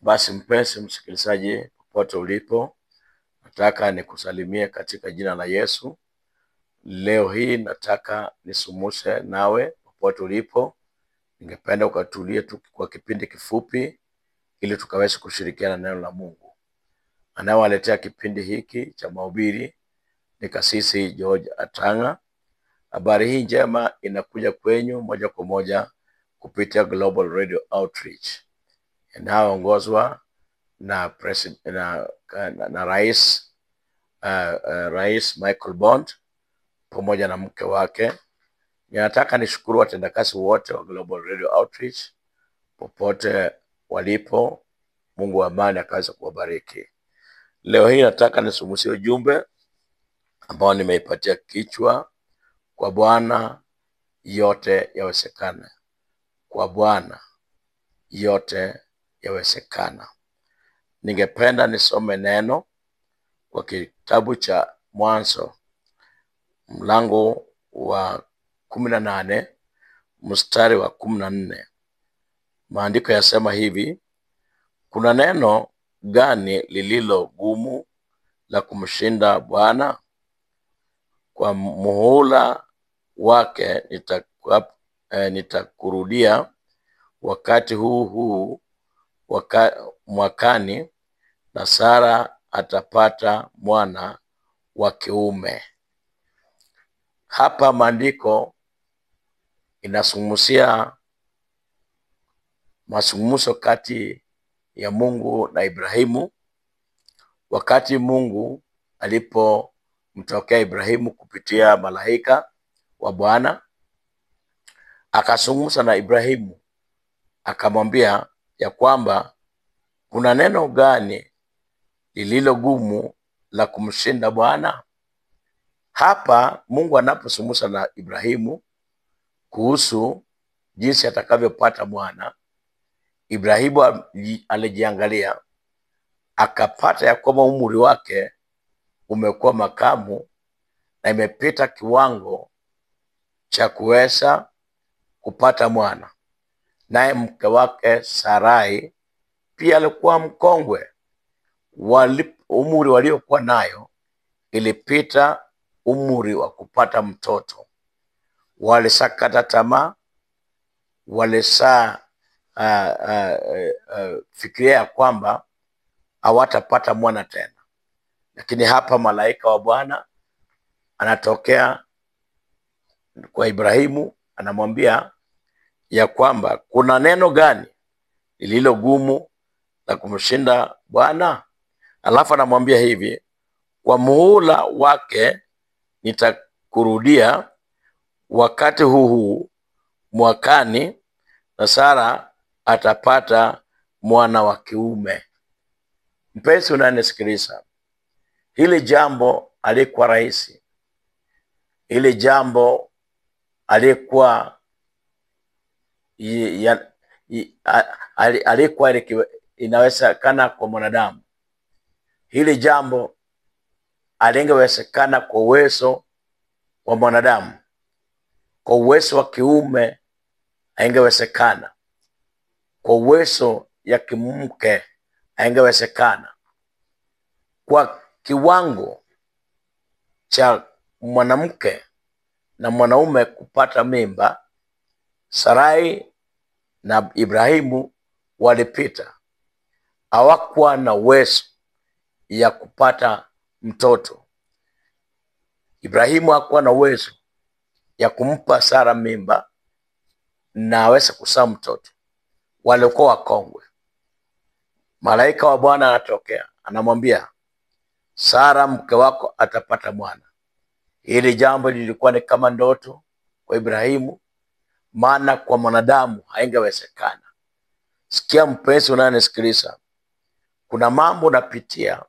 Basi mpenzi msikilizaji, popote ulipo, nataka nikusalimie katika jina la Yesu. Leo hii nataka nisumuse nawe popote ulipo, ningependa ukatulie tu kwa kipindi kifupi, ili tukaweze kushirikiana neno la Mungu. Anayewaletea kipindi hiki cha mahubiri ni Kasisi George Atanga. Habari hii njema inakuja kwenyu moja kwa moja kupitia Global Radio Outreach inayoongozwa na, na, na, na rais uh, uh, rais Michael Bond pamoja na mke wake. Ninataka nishukuru watendakazi wote wa Global Radio Outreach popote walipo. Mungu wa amani akaweza kuwabariki. Leo hii nataka nisumusie ujumbe ambao nimeipatia kichwa, kwa Bwana yote yawezekana. Kwa Bwana yote yawezekana. Ningependa nisome neno kwa kitabu cha Mwanzo mlango wa kumi na nane mstari wa kumi na nne. Maandiko yasema hivi: kuna neno gani lililo gumu la kumshinda Bwana? Kwa muhula wake nitakurudia, eh, nitakurudia wakati huu huu mwakani na Sara atapata mwana wa kiume. Hapa maandiko inazungumzia mazungumzo kati ya Mungu na Ibrahimu, wakati Mungu alipomtokea Ibrahimu kupitia malaika wa Bwana, akazungumza na Ibrahimu akamwambia ya kwamba kuna neno gani lililo gumu la kumshinda Bwana? Hapa Mungu anapozungumza na Ibrahimu kuhusu jinsi atakavyopata Bwana, Ibrahimu alijiangalia akapata ya kwamba umri wake umekuwa makamu na imepita kiwango cha kuweza kupata mwana naye mke wake Sarai pia alikuwa mkongwe. Wali, umri waliokuwa nayo ilipita umri wa kupata mtoto. Walisakata tamaa, walisa uh, uh, uh, fikiria ya kwamba hawatapata mwana tena, lakini hapa malaika wa Bwana anatokea kwa Ibrahimu anamwambia ya kwamba kuna neno gani lililo gumu la kumshinda Bwana? Alafu anamwambia hivi, kwa muhula wake nitakurudia wakati huu huu mwakani, na Sara atapata mwana wa kiume. Mpenzi unanisikiliza, hili jambo alikuwa rahisi, hili jambo alikuwa alikuwa ile inawezekana kwa mwanadamu. Hili jambo alingewezekana kwa uwezo wa mwanadamu, kwa uwezo wa kiume aingewezekana, kwa uwezo ya kimke aingewezekana, kwa kiwango cha mwanamke na mwanaume kupata mimba Sarai na Ibrahimu walipita, hawakuwa na uwezo ya kupata mtoto. Ibrahimu hakuwa na uwezo ya kumpa Sara mimba na aweze kuzaa mtoto, walikuwa wakongwe. Malaika wa Bwana anatokea anamwambia Sara, mke wako atapata mwana. Hili jambo lilikuwa ni kama ndoto kwa Ibrahimu, maana kwa mwanadamu haingewezekana. Sikia mpenzi unayenisikiliza, kuna mambo unapitia,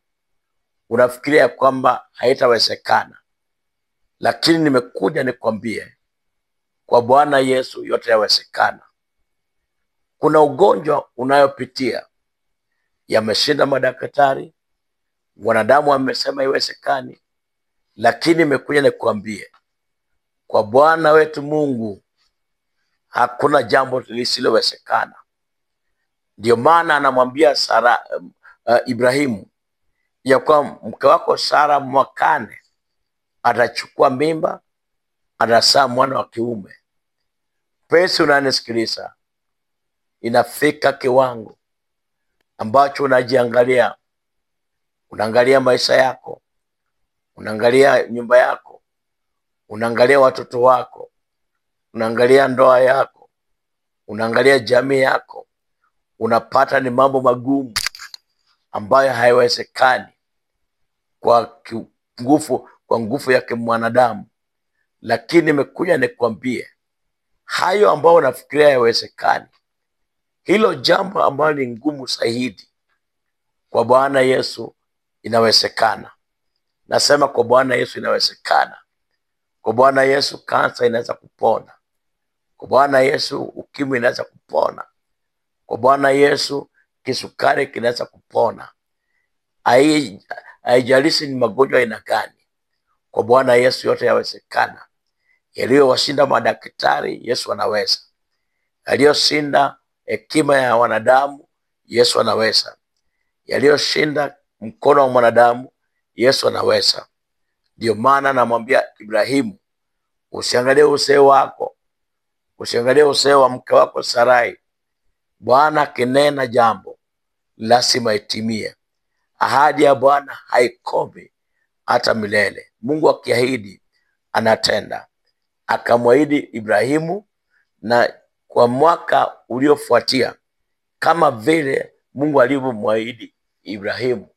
unafikiria ya kwamba haitawezekana, lakini nimekuja nikwambie, kwa Bwana Yesu yote yawezekana. Kuna ugonjwa unayopitia, yameshinda madaktari, wanadamu wamesema iwezekani, lakini nimekuja nikwambie, kwa Bwana wetu Mungu hakuna jambo lisilowezekana. Ndio maana anamwambia Sara, um, uh, Ibrahimu ya kuwa mke wako Sara mwakane atachukua mimba, atazaa mwana wa kiume. pesi unanisikiliza, inafika kiwango ambacho unajiangalia, unaangalia maisha yako, unaangalia nyumba yako, unaangalia watoto wako unaangalia ndoa yako, unaangalia jamii yako, unapata ni mambo magumu ambayo haiwezekani kwa nguvu kwa nguvu ya mwanadamu, lakini nimekuja nikwambie hayo ambayo unafikiria haiwezekani hilo jambo ambalo ni ngumu zaidi, kwa Bwana Yesu inawezekana. Nasema kwa Bwana Yesu inawezekana. Kwa Bwana Yesu kansa inaweza kupona. Kwa Bwana Yesu ukimwi inaweza kupona. Kwa Bwana Yesu kisukari kinaweza kupona, haijalishi ni magonjwa aina gani. Kwa Bwana Yesu yote yawezekana. Yaliyowashinda madaktari, Yesu anaweza. Yaliyoshinda hekima ya wanadamu, Yesu anaweza. Yaliyoshinda mkono wa mwanadamu, Yesu anaweza. Ndio maana namwambia Ibrahimu, usiangalie uzee wako, Usiangalie useo wa mke wako Sarai. Bwana akinena jambo lazima itimie. Ahadi ya Bwana haikomi hata milele. Mungu akiahidi anatenda. Akamwahidi Ibrahimu na kwa mwaka uliofuatia, kama vile Mungu alivyomwahidi Ibrahimu,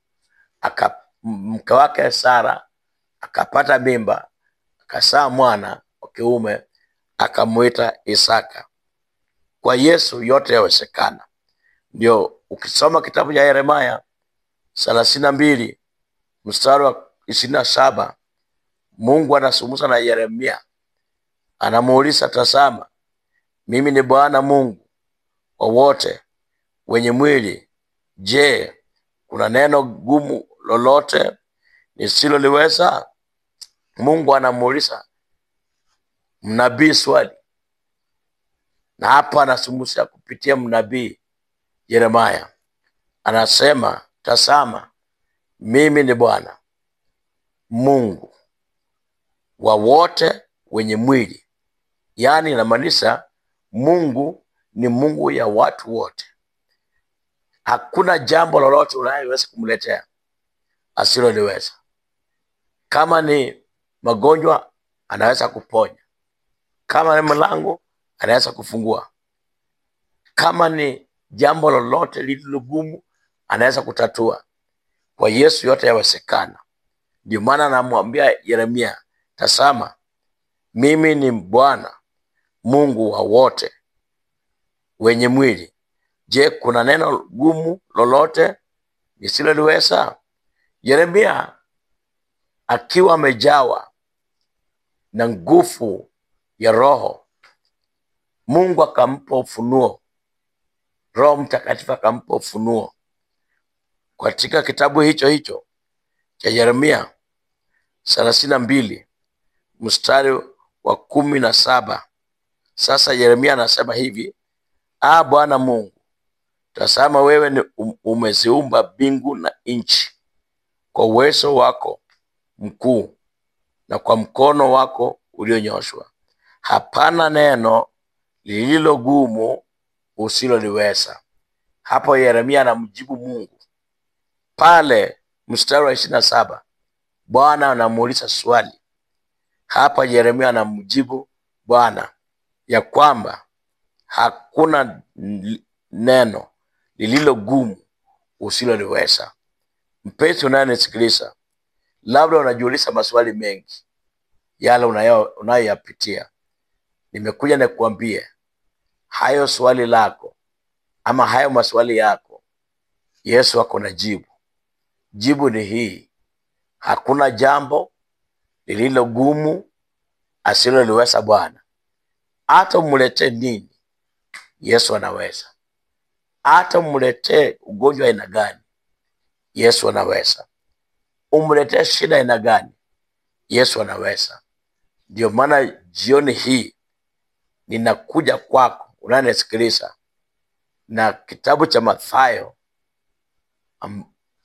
mke wake Sara akapata mimba, akasaa mwana wa kiume akamwita Isaka. Kwa Yesu yote yawezekana. Ndio ukisoma kitabu cha Yeremaya thelathini na mbili mstari wa ishirini na saba Mungu anasumusa na Yeremia, anamuuliza tazama, mimi ni Bwana Mungu wa wote wenye mwili. Je, kuna neno gumu lolote nisiloliweza? Mungu anamuuliza mnabii swali, na hapa anasumusia kupitia mnabii Yeremia, anasema tazama, mimi ni Bwana Mungu wa wote wenye mwili, yaani inamaanisha Mungu ni Mungu ya watu wote. Hakuna jambo lolote unayeweza kumletea asiloliweza. Kama ni magonjwa, anaweza kuponya. Kama ni mlango anaweza kufungua, kama ni jambo lolote lililogumu anaweza kutatua. Kwa Yesu yote yawezekana. Ndio maana anamwambia Yeremia, tazama mimi ni Bwana Mungu wa wote wenye mwili. Je, kuna neno gumu lolote nisiloliweza? Yeremia akiwa amejawa na nguvu ya roho. Mungu akampa ufunuo, Roho Mtakatifu akampa ufunuo katika kitabu hicho hicho cha Yeremia thelathini na mbili mstari wa kumi na saba. Sasa Yeremia anasema hivi: Ah, Bwana Mungu, tazama, wewe ni umeziumba mbingu na nchi kwa uwezo wako mkuu na kwa mkono wako ulionyoshwa. Hapana neno lililo gumu usiloliweza. Hapo Yeremia anamjibu Mungu pale mstari wa ishirini na saba Bwana anamuuliza swali hapa. Yeremia anamjibu Bwana ya kwamba hakuna neno lililo gumu usiloliweza. Mpenzi unayenisikiliza, labda unajiuliza maswali mengi yale unayoyapitia nimekuja kuambia hayo swali lako ama hayo maswali yako, Yesu ako na jibu. Jibu ni hii: hakuna jambo lililo gumu asiloliweza Bwana. Hata umletee nini, Yesu anaweza. Hata umletee ugonjwa aina gani, Yesu anaweza. Umletee shida aina gani, Yesu anaweza. Ndio maana jioni hii ninakuja kwako, unanisikiliza, na kitabu cha Mathayo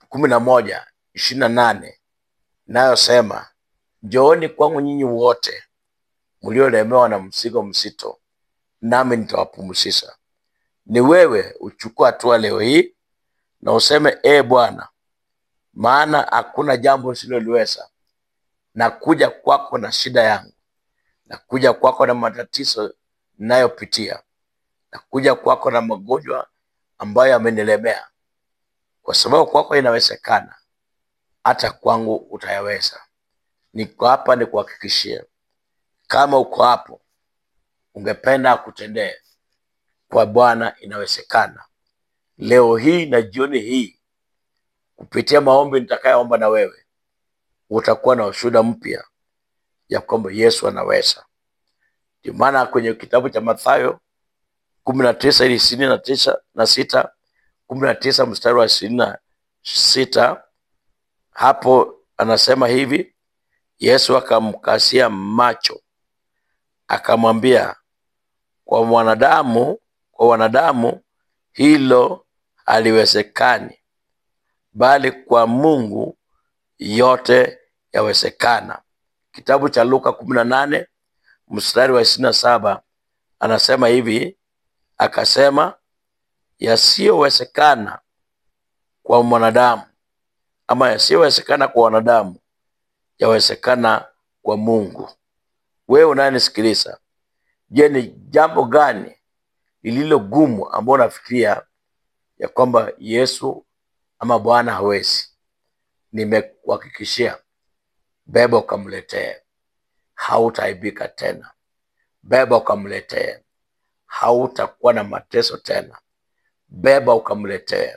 kumi na moja ishirini na nane inayosema njooni kwangu nyinyi wote mliolemewa na mzigo mzito, nami nitawapumzisha. Ni wewe uchukua hatua leo hii na useme, e Bwana, maana hakuna jambo nisiloliweza. Nakuja kwako na shida yangu, nakuja kwako na matatizo ninayopitia na kuja kwako na magonjwa ambayo yamenilemea, kwa sababu kwako inawezekana, hata kwangu utayaweza. Niko hapa nikuhakikishie, kama uko hapo ungependa kutendee kwa Bwana inawezekana, leo hii na jioni hii, kupitia maombi nitakayoomba na wewe, utakuwa na ushuhuda mpya ya kwamba Yesu anaweza. Ndio maana kwenye kitabu cha Mathayo kumi na tisa ili ishirini na tisa na sita kumi na tisa mstari wa ishirini na sita hapo anasema hivi, Yesu akamkasia macho akamwambia, kwa mwanadamu kwa wanadamu hilo haliwezekani, bali kwa Mungu yote yawezekana. Kitabu cha Luka kumi na nane mstari wa ishirini na saba anasema hivi, akasema yasiyowezekana kwa mwanadamu ama yasiyowezekana kwa wanadamu yawezekana kwa Mungu. Wewe unayenisikiliza, je, ni jambo gani lililo gumu ambao unafikiria ya kwamba Yesu ama Bwana hawezi? Nimekuhakikishia, beba ukamletee hautaibika tena, beba ukamletee. Hautakuwa na mateso tena, beba ukamletee.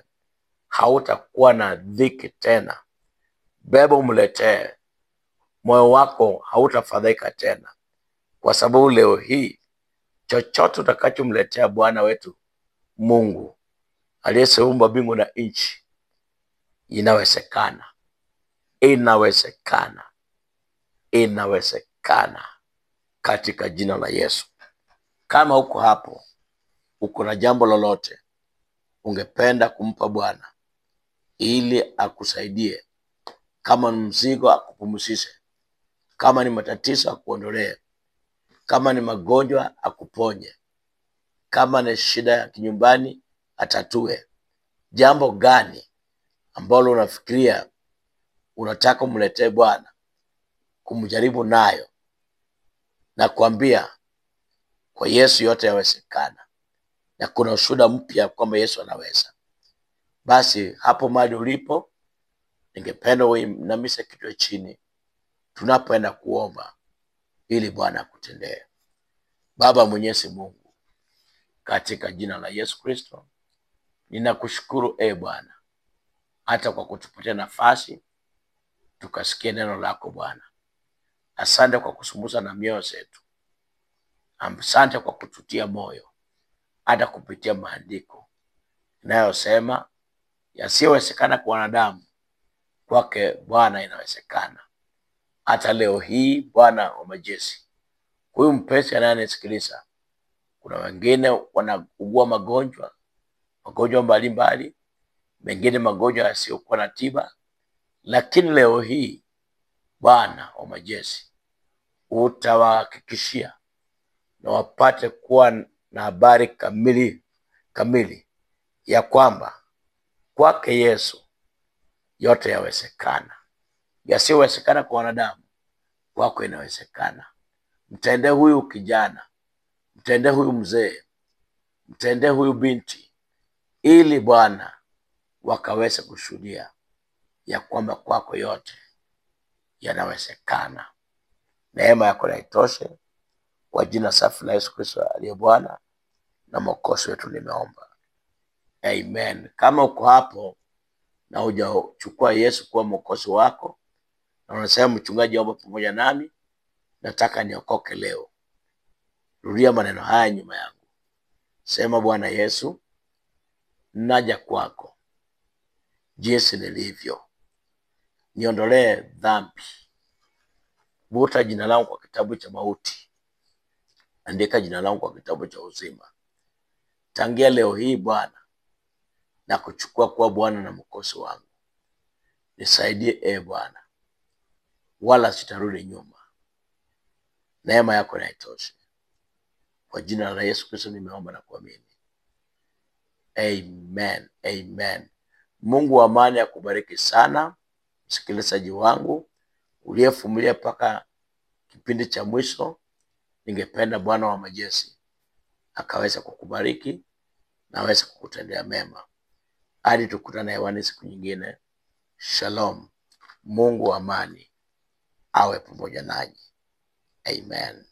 Hautakuwa na dhiki tena, beba umletee. Moyo wako hautafadhaika tena, kwa sababu leo hii chochote utakachomletea Bwana wetu Mungu aliyeseumba mbingu na nchi, inawezekana, inawezekana, inawezekana. Kana katika jina la Yesu. Kama uko hapo, uko na jambo lolote ungependa kumpa Bwana ili akusaidie, kama ni mzigo akupumzishe, kama ni matatizo akuondolee, kama ni magonjwa akuponye, kama ni shida ya kinyumbani atatue. Jambo gani ambalo unafikiria unataka umletee Bwana kumjaribu nayo, na kuambia kwa Yesu yote yawezekana, na kuna ushuhuda mpya kwamba Yesu anaweza. Basi hapo mahali ulipo, ningependa uinamishe kichwa chini tunapoenda kuomba ili Bwana akutendee. Baba Mwenyezi Mungu, katika jina la Yesu Kristo ninakushukuru e Bwana, hata kwa kutupatia nafasi tukasikia neno lako Bwana. Asante kwa kusumbuza na mioyo zetu, asante kwa kututia moyo hata kupitia maandiko inayosema yasiyowezekana kwa wanadamu, kwake Bwana inawezekana. Hata leo hii, Bwana wa majeshi, huyu mpesi anayenisikiliza, kuna wengine wanaugua magonjwa magonjwa mbalimbali, mengine magonjwa yasiyokuwa na tiba, lakini leo hii Bwana wa majeshi utawahakikishia na wapate kuwa na habari kamili kamili ya kwamba kwake Yesu yote yawezekana. Yasiyowezekana kwa wanadamu, kwako inawezekana. mtende huyu kijana, mtende huyu mzee, mtende huyu binti, ili Bwana wakaweze kushuhudia ya kwamba kwako yote yanawezekana. Neema yako na itoshe. Kwa jina safi la Yesu Kristo aliye Bwana na Mwokozi wetu nimeomba, amen. Kama uko hapo na hujachukua Yesu kuwa mwokozi wako na unasema, mchungaji, omba pamoja nami, nataka niokoke leo, rudia maneno haya nyuma yangu. Sema, Bwana Yesu, naja kwako jinsi nilivyo niondolee dhambi, vuta jina langu kwa kitabu cha mauti, andika jina langu kwa kitabu cha uzima. Tangia leo hii Bwana na kuchukua kuwa Bwana na mkosi wangu, nisaidie e Bwana, wala sitarudi nyuma. Neema yako na itoshe. Kwa jina la Yesu Kristo nimeomba na kuamini, amen, amen. Mungu wa amani akubariki sana msikilizaji wangu uliyefumilia mpaka kipindi cha mwisho, ningependa Bwana wa majeshi akaweza kukubariki na aweze kukutendea mema. Hadi tukutane hewani siku nyingine. Shalom. Mungu wa amani awe pamoja nanyi. Amen.